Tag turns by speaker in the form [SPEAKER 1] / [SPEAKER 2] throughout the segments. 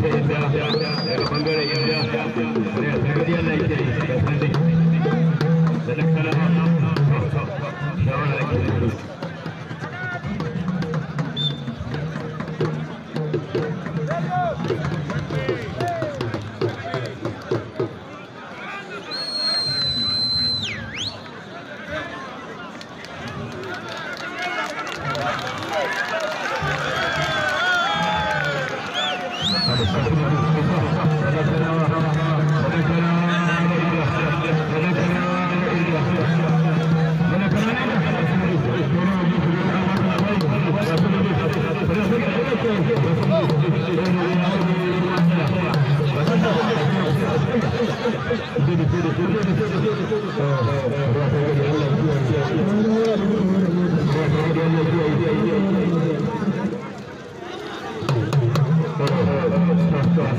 [SPEAKER 1] ta yadda bangaren yadda da ya sami da da Hannu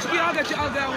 [SPEAKER 1] ciki aga ci aga yawa.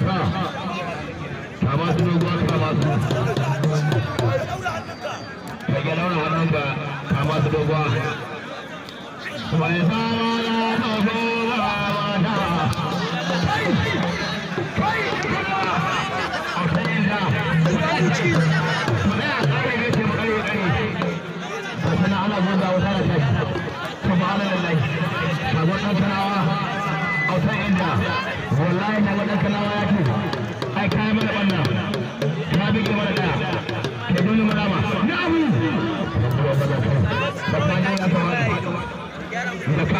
[SPEAKER 1] kama su dogon kama da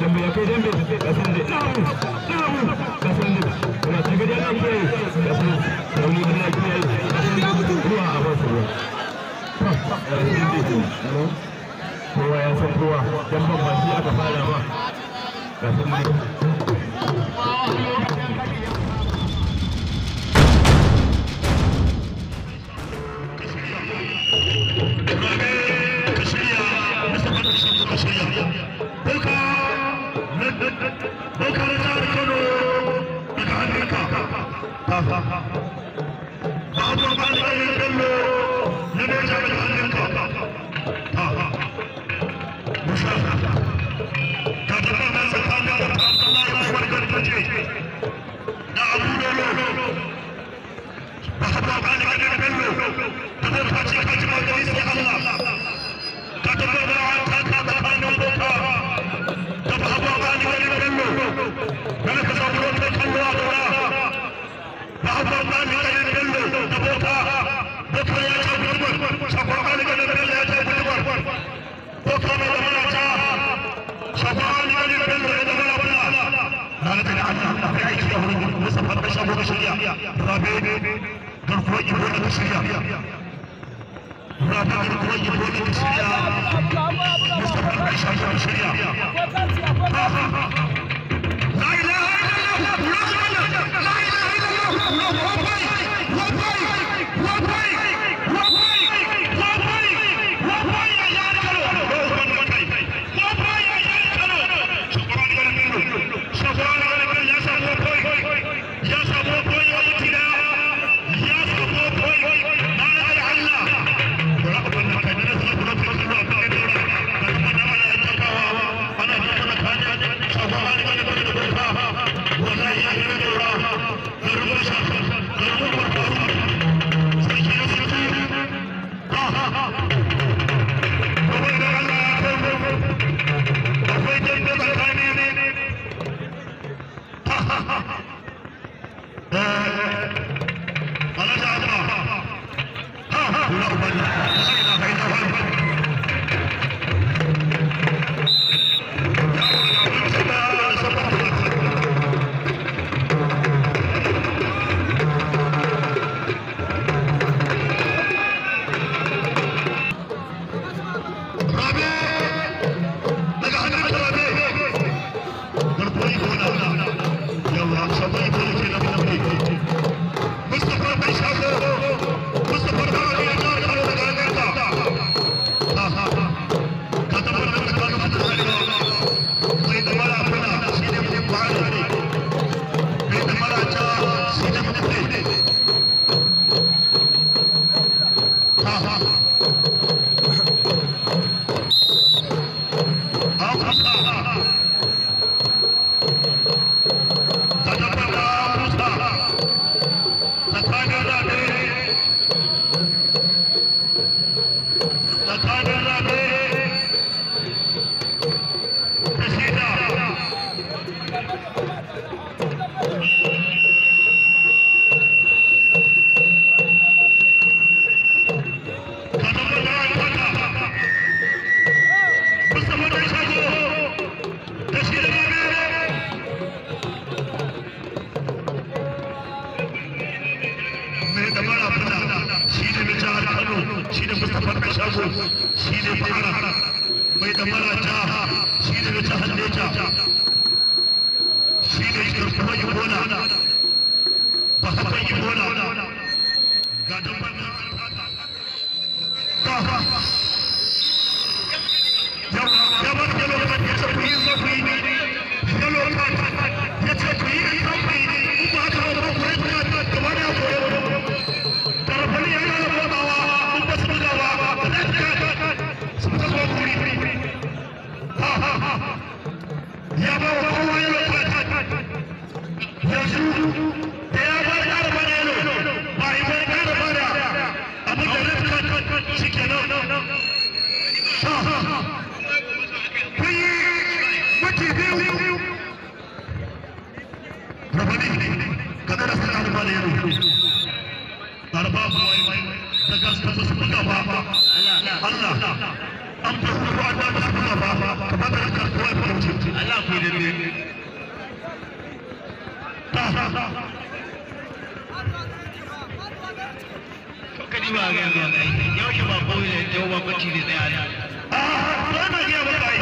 [SPEAKER 1] dambe ya kai dambe ga sande na'u na'u ga sande kuma ta gari ana kiyaye ga sande rauni gari ana ruwa a ba su ruwa ya san kowa dan ban ba shi aka fara ma ga bisa farkon shago ka shirya rabe garkuwar ibo ne ka shirya rabe garkuwar ibo ne ka Alhaji Abba, ha ha, mai damara ja shi ne mai hannu ja shi ne garkuwa ibola ba haɓar ibola ga damar nan an ba Kadi ba ga yau shi Ah,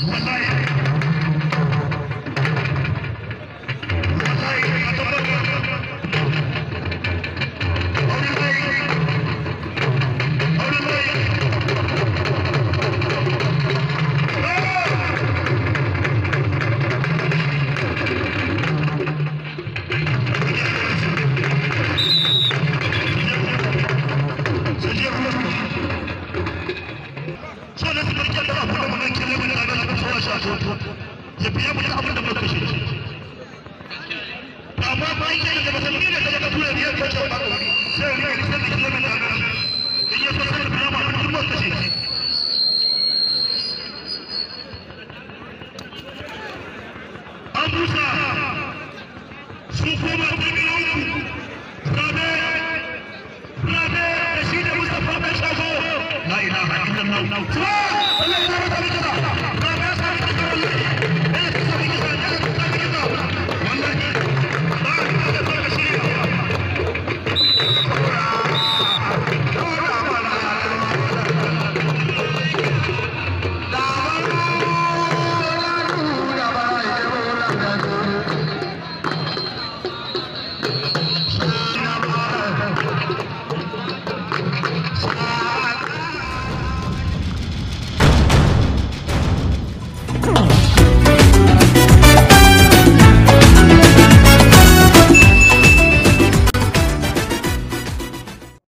[SPEAKER 1] Thank you.